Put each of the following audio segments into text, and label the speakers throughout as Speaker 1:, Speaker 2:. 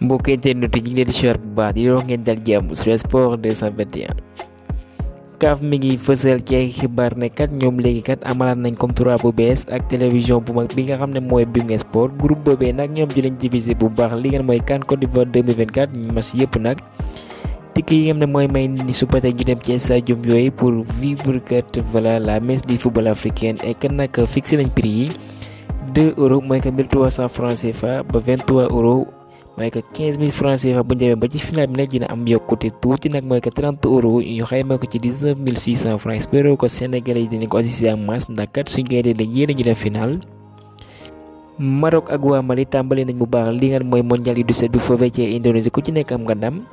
Speaker 1: mbokk internet tinggi ñu di ruang bu kan iya di dal jàmm sur sport 221 CAF mi ngi fësal ci ay xibaar ne kat ñoom léegi kat amalaat nañ contrat bu bees ak télévision bu mag bi nga xam ne mooy Sport groupe boobee nak di lañ diviser bu baax li ngeen mooy di Côte d'Ivoire 2024 ñu mas yëpp nag tikk yi nga xam ne mooy may nit ñi su patee ñu dem ci stade pour vivre kat voilà la messe du football africain et kat nag fixé nañ prix 2 euros 1300 francs CFA mooy que 15000 francs CFA bu njëmee ba ci final bi nag dina am yokkute tuuti nag mooy que 30 euros ñu xayma ko ci 19600 francs espérons ko sénégalais yi dinañ ko assisté en masse ndax kat suñ gaynde la yéene ñu dem final Maroc ak wa Mali tàmbali nañ bu baax li nga moy mondial yi du set bi foofee ci Indonésie ku ci nek am nga ndam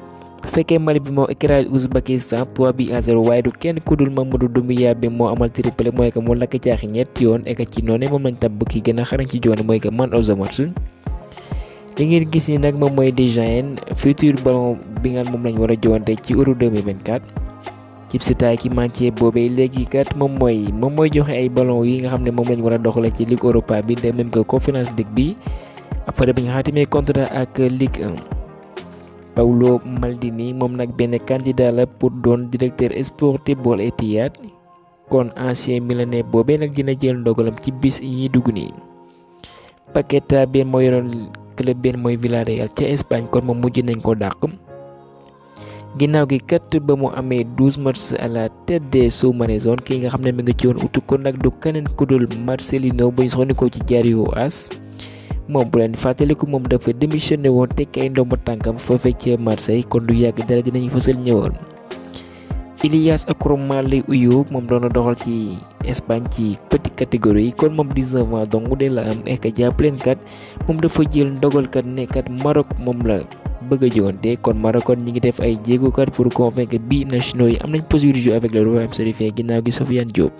Speaker 1: bu Mali bi mo écrasé Uzbekistan 3 bi 0 way du kenn ku dul Mamadou Doumbia bi mo amal triplé mooy que mu lakk caaxi ñet yoon et ka ci noné mom lañ tabb ki gëna xarañ ci joone moy que man of the match li ngeen gis ni nak mom moy design future ballon bi nga mom lañ wara jowante ci euro 2024 ci si taay ki manqué bobé légui kat mom moy mom moy joxe ay ballon yi nga xamné mom lañ wara a doxale ci ligue europa bi de même que conférence ligue bi après bi nga xaatimee contrat ak ligue 1 Paulo Maldini mom nak benn candidat la pour don directeur sportif Al Ittihad kon ancien milanais bobé nak dina jël ndogolam ci bis yi dugg nii Paqueta bi moo yoroon club benn mooy Villarreal ca Espagne kon moom mujj nañ ko dàq. ginnaaw gi kat ba mu amee douze matchs à la tête des Sous-Marins kii nga xam ne mi nga ci woon utu kon nag du keneen ku dul Marcelino bu ñu soxandikoo ci Diario AS moom bu leen fàttaliku moom dafa démissionné woon tekki ay ndomba tànkam foofee ca Marseille kon du yàgg dara dinañu fësal ñëwoon. Ilias Akromale Uyo moom doon doxal ci Espagne ci petite catégorie kon moom 19 ans donc de la am ek jàppaleen kat moom dafa jël ndogal kat ne kat Maroc moom la bëgg a joonte kon Marocain ñi ngi def ay jéego kat pour convaincre bi nationaux yi am nañ possibilité jouer avec le royaume saoudien ginnaaw gi Sofiane Diop.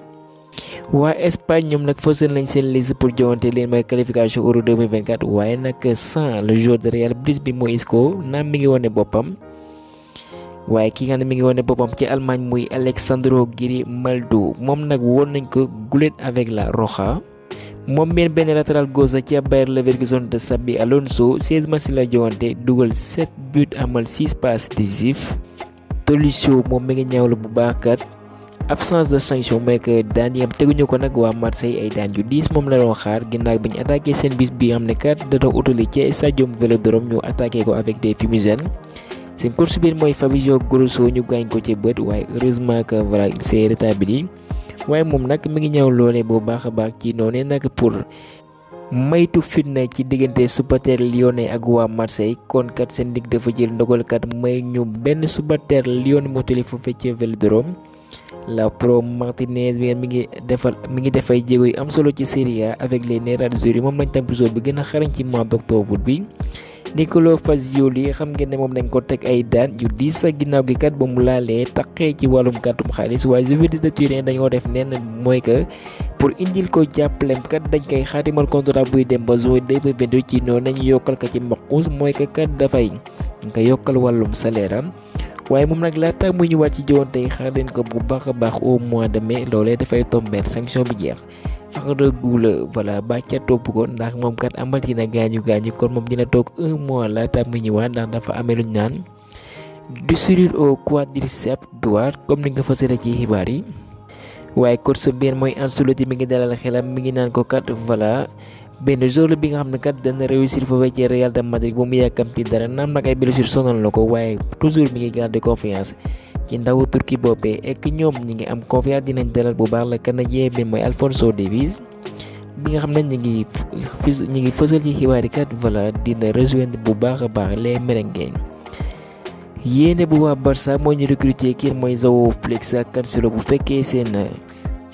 Speaker 1: waa Espagne ñoom nag fësal nañ seen liste pour joonte leen mooy qualification Euro waaye nag sans le joueur de Real Brés bi Moïse Isco naam mi ngi waaye kii nga xam ne mi ngi wane boppam ci Allemagne muy Alessandro Grimaldo moom nag woon nañ ko gulet avec la Roja moom benn benn latéral gauche la ca Bayer Leverkusen de Xabi Alonso 16 matchs la joŋante dugal 7 buts amal 6 passes décisives Tolisso moom mi ngi ñaawlu bu baax kat absence de sanction mooy que daan yam teguñu ko nag waa Marseille ay daan yu diis moom la doon xaar ginnaaw bi ñu attaqué seen bis bi am ne kat da doon utali ca stadium Vélodrome ñu attaqué ko avec des seen course biir mooy yoo Grosso ñu gaañ ko ci bët waaye heureusement que voilà il s'est rétabli waaye nag mi ngi ñëw loolee bu baax a baax ci noonu nag pour maytu fitna ci diggante supporter lyonnais ak waa Marseille kon kat seen dig dafa jël ndogal kat may ñu benn supporter Lyon mu tële foofu ci Vélodrome la pro Martinez bi mi ngi defal mi ngi def ay jéego yu am solo ci Serie A avec les yi moom nañ lañ tàmbali bi gën a xarañ ci mois d'octobre bi. Nicolo Fagioli xam ngeen ne moom dañ ko teg ay daan yu diis sa ginnaaw gi kat ba mu laalee taqee ci wàllum kàttum xaalis waaye Juventus de Turin dañoo def nenn mooy que pour indil ko jàppalem kat dañ koy xaatimal contrat buy dem ba juin 2022 ci noonu nañu yokkal ko ci mbaquus mooy que kat dafay nga yokkal wàllum salaire am waaye moom nag laata muy ñëwaat ci jowante yi xaar leen ko bu baax a baax au mois de mais loolee dafay tomber sanction bi jeex. ardo gula voilà ba ca topp ko ndax mom kat amal dina gañu gañu kon mom dina tok un mois laata mu ñëwaat ndax dafa lu ñaan du sirir au quadriceps droit comme ni nga fësale ci hibari waye waaye coach biir mooy Ancelotti mi ngi dalal xelam mi ngi nan ko kat voilà ben jour bi nga xamne kat dana réussir fo ci Real de Madrid bu mu yakamti dara nam nag ay blessure sonal na waye toujours mi ngi garder confiance Kindawo Turki boobee e eh, kinyom ñi ngi am confiance dina dalal bu baax la canadien bi moy alfonso Davies bi nga xam ñi ngi ñi ngi fësal ci xibaari kat voilà dina rejoindre bu baax a baax les merengues yéene bu wa Barça mo ñu recruter kii moy zao flex ak Cancelo bu fekkee sen eh,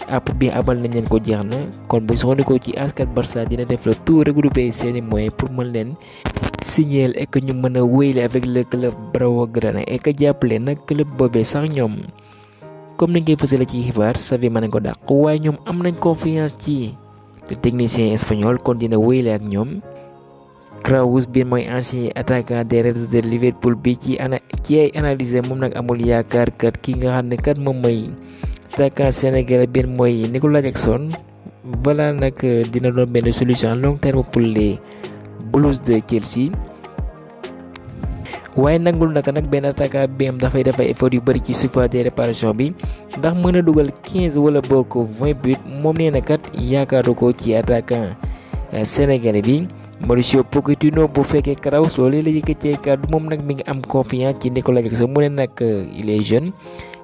Speaker 1: app bi abal nañ len ko jeex kon bu ko ci askat Barça dina def le tour regrouper sen moy pour mën len signeel et que ñu mën wéyle avec le club blaugrana et que jàppale nag club boobee sax ñoom comme ni ngay fësale ci xibaar Xavi mën nañ ko dàq waaye ñoom am nañ confiance ci le technicien espagnol kon dina wéyle ak ñoom Kraus bi mooy ancien attaquant des Reds de Liverpool bi ci ana ci analyse moom nag amul yaakaar kat ki nga xam ne kat moom mooy attaquant sénégalais bi mooy Nicolas Jackson voilà nag dina doon benn solution à terme pour Blues de Chelsea. waaye nangul naka nag benn attaquant BM dafay def ay effort yu bëri ci surface de réparation bi ndax mën a dugal 15 wala bokk but moom nee na kat yaakaaru ko ci attaquant euh, sénégalais bi Mauricio Pochettino bu fekkee Krauss loolu la yëkkatee kàddu moom nag mi ngi am confiance ci Nicolas Jackson mu ne nag euh, il est jeune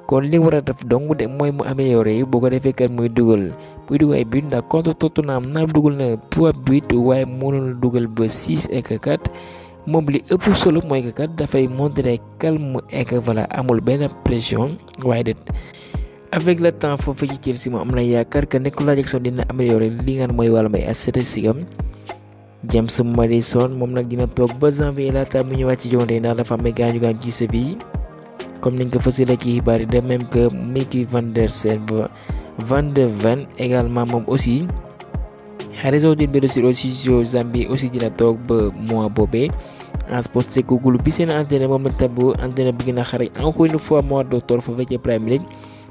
Speaker 1: kon li war a def dong de mooy mu amélioré boo ko defee kat muy dugal muy dugal ay but ndax contre Tottenham naam dugal na 3 but waaye mënoon dugal ba 6 et 4 moom li ëpp solo mooy que kat dafay montré calme et que voilà amul benn pression waaye de. avec le temps foofu ci Chelsea moom am na yaakaar que Nicolas Jackson dina amélioré li nga xam mooy wàllum ay statistiques am James Maddison moom nag dina toog ba janvier laata mu ñëwaat ci joŋante ndax dafa am ay gaañu gaañ comme niñ ko fësile ci xibaar yi de même que Mickey Van Der Selve Van de Ven également moom aussi réseau d'une blessure au studio Zambie aussi dina toog ba mois boobee as posté ko bi seen entraîneur moom la tabb entraîneur bi gën a xarañ encore mois d'octobre foofu ci Premier League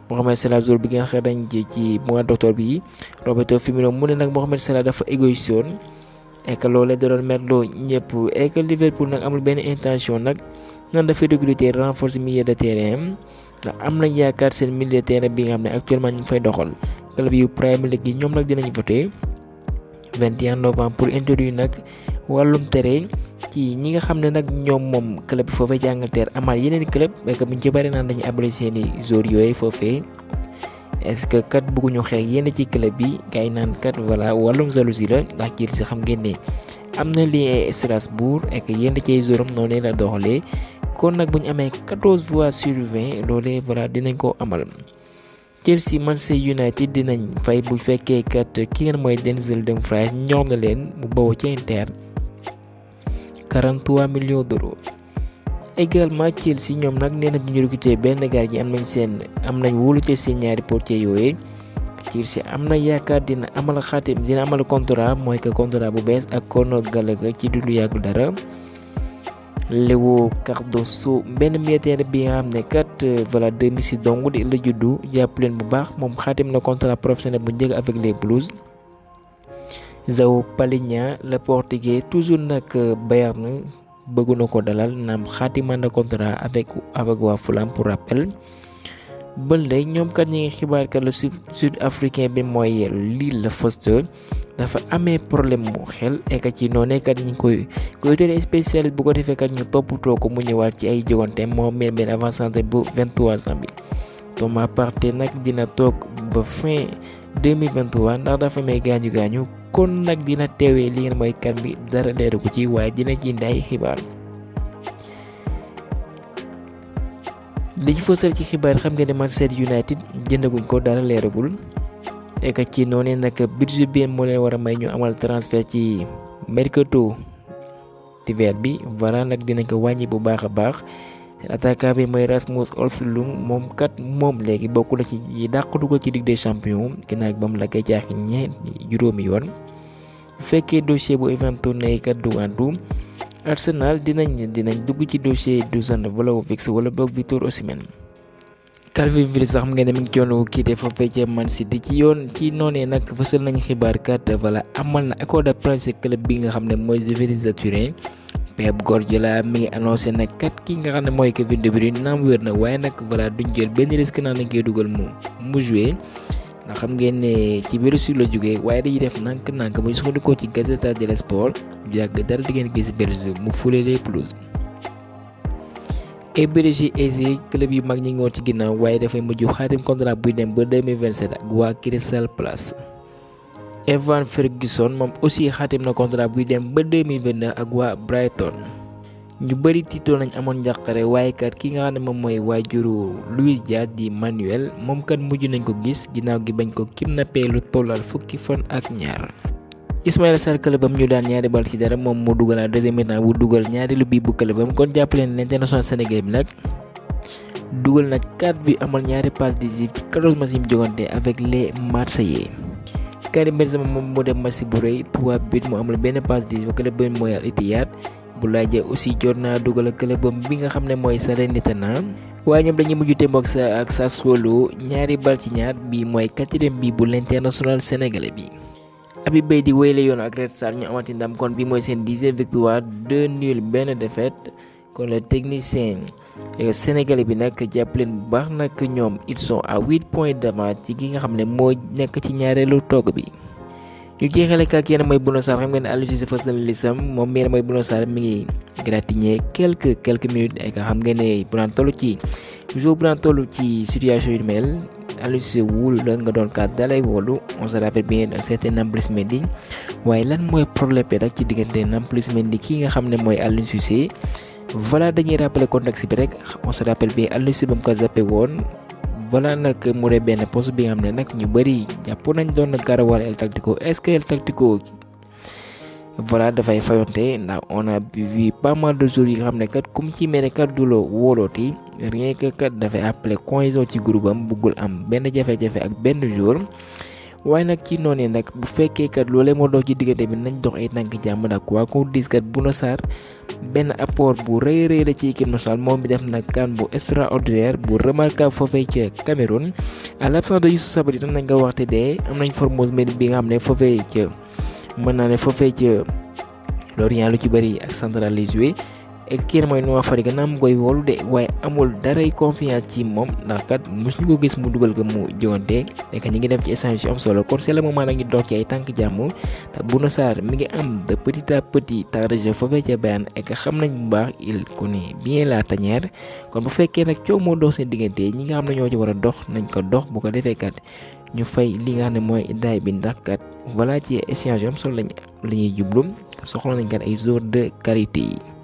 Speaker 1: bi gën a xarañ ci mois d'octobre bi Roberto Firmino mu ne nag Mohamed Salah dafa égoïste woon et que loolee da doon merloo ñëpp et que Liverpool nag amul benn intention nag. nan dafa recruter renforcer milieu de terrain ndax am nañ yaakaar seen milieu de terrain bi nga xam ne actuellement ñu ngi fay doxal club yu Premier League yi ñoom nag dinañ voté 21 novembre pour introduire nag wàllum terrain ci ñi nga xam ne nag ñoom moom club foofee ci Angleterre amaat yeneen club fekk buñ ci bari naan dañuy abali seeni i yooyu foofe est-ce que kat bëgguñu xeex yenn ci club bi gars yi naan kat voilà wàllum jalousie la ndax kii si xam ngeen am na lien Strasbourg ak yenn ci joueuram noonu la doxalee. kon nag bu ñu amee 14 voix sur 20 loolee voilà dinañ ko amal. Chelsea Manchester United dinañ fay bu fekkee kat ki ngeen mooy Denzel Dumfries ñor na leen mu bawoo ci Inter 43 millions d'euros. également Chelsea ñoom nag nee na ñu recruter benn gardien am nañ seen am nañ wóolu ci seen ñaari portier yooyu Chelsea am na yaakaar dina amal xaatim dina amal contrat mooy que contrat bu bees ak Conor Gallagher ci du lu dara. Léo su benn militaire bi nga xam ne kat euh, voilà 2006 dong di la juddu jàpp leen bu baax moom xaatim na contrat professionnel bu njëg avec les Blues. João Palhinha le portugais toujours nag euh, Bayern bëggu na ko dalal naam xaatim na contrat avec avec waa Fulham pour rappel. ba léegi ñoom kat ñi xibaar ka le sud africain bi moy lii la Foster dafa amé problème mu xel e ka ci noné kat ñi koy koy doon spécial bu ko défé kat ñu top to ko mu ñëwaat ci ay jogante mo mel benn avant centre bu 23 ans bi Thomas Partey nak dina tok ba fin 2023 ndax dafa may gañu gañu kon nak dina téwé e li ngeen mooy kan bi dara leeru ko ci way dina ci nday xibaar e li ñu ci xibaar xam nga ne Manchester United jëndaguñ ko dara leeragul et ci noonu nag budget bi moo leen war a may ñu amal transfert ci mercato d'hiver bi Varane nag dinañ ko wàññi bu baax a baax seen attaquant bi mooy Rasmus Højlund moom kat moom léegi bokk na ci ñi dàq dugal ci Ligue des Champions ginnaaw ba mu la koy ñeent juróomi yoon bu fekkee dossier bu Everton nekk kat Arsenal dinañ dinañ dugg ci dossier Dusan Vlahovic wala bok Victor Osimhen Calvin Phillips xam ngeen ne mi ngi ci yoonu quitté foofee ca Man City ci yoon ci noné nak fësal nañ xibar kat wala amal na accord de prince club bi nga xamné moy mooy Juventus de Turin Pep Guardiola mi ngi annoncer nak kat ki nga xamné moy Kevin De Bruyne nam wér na waaye nag duñ jël ben risque nan la ngey dugal mu mu jouer ndax xam ngeen ne ci biir Sud la jógee waaye dañuy def nànk-nànk muy sukkandikoo ci Gazzetta dello Sport yàgg dara di gis Belgique mu fule les pelouses. et Belgique club yu mag ñi ngi ci ginnaaw waaye dafay mujj xaatim contrat buy dem ba 2027 ak waa Crystal Palace. Evan Ferguson moom aussi xaatim na contrat buy dem ba 2029 ak waa Brighton. ñu bari tito nañ amoon njàqare way kat ki nga xamne mom moy wajuru louis Luis Diaz di Manuel mom kan muju nañ ko gis ginaaw gi bañ ko kidnappé lu tolal fukki fan ak ñaar Ismail club kelebam ñu daan ñaari bal ci dara mom moo dugalaat deuxième temps bu dugal lu bi bu bam kon jàppale ne international sénégal bi nak dugal nak kat bi amal ñaari passe décisive ci carlos masim jogante avec les Marseillais Karim Benzema mo dem match bu reuy 3 but mo amal benn passe décisive ko le ben moyal itiyat Boulaye Dia aussi jot naa dugal club bi nga xam ne mooy sa Salernitana waaye ñoom dañuy mujj témboog sa ak Sassuolo ñaari bal ci ñaar bi mooy quatrième bi bu l'international sénégale bi. Habib Beye di wéyale yoon ak Red Star ñu amati ndam kon bi mooy seen dixième victoire deux nuls benn defet kon le technicien euh, sénégalais bi nag jàppaleen bu baax nag ñoom ils sont à huit points d'avance ci ki nga xam ne moo nekk ci ñaareelu togg bi. ñu jeexale ak yenn mooy Bouna Sarr xam ngeen ne Aliou Cissé fas na lisam moom yenn mooy Bouna Sarr mi ngi gratigné quelques quelques minutes ay xam ngeen ne bu ci jour bu naan ci situation yu mel Aliou Cissé wul la nga doon kat dalay wolu on se rappelle bi un certain Nampalys Mendy waaye lan mooy problème bi nag ci diggante Nampalys Mendy ki nga xam ne mooy Aliou Cissé voilà dañuy rappeler contexte bi rek on se rappelle bien voilà nag mu dee benn poste bi nga xam ne nag ñu bëri jàpp nañ doon garawal El Tactico est-ce que El Tactico voilà dafay fayonte ndax on a vu pas mal de jours yi nga xam ne kat comme ci mel ne kat du la wóolooti rien que kat dafay appelé cohésion ci groupe am buggul am benn jafe-jafe ak benn jour. waaye nag ci noonee nag bu fekkee kat loolee moo dox ci diggante bi nañ dox ay tànk jàmm nag waa ko diis kat Bouna Sarr benn apport bu rëy rëy la ci équipe nationale moom bi def nag kan bu extraordinaire bu remarquable foofee ca Cameroun à l'absence de Youssouf Sabaly tam nañ nga waxte dee am nañ Formose Mendy bi nga xam ne foofee ca mën naa ne foofee ca Lorient lu ci bëri ak central les Eh, kii mooy Noah Fadiga koy wóolu de waaye amul daray confiance ci moom ndax kat mosuñu ko gis mu dugal ko mu jogante nekk ñi ngi dem ci échange yu solo kon c'est le moment nag ñu dox ci ay tànk jàmm te Bouna Sarr mi ngi am de petit à petit temps de xam nañ bu baax il connaît bien la tanière kon bu fekkee nag coow moo dox seen diggante ñi nga xam ne ñoo ci war a dox nañ ko dox bu ko defee kat ñu fay li nga xam ne mooy iddaay bi ndax kat voilà ci échange yu am solo lañ la ñuy jublu soxla nañ kat ay joueurs de qualité yi.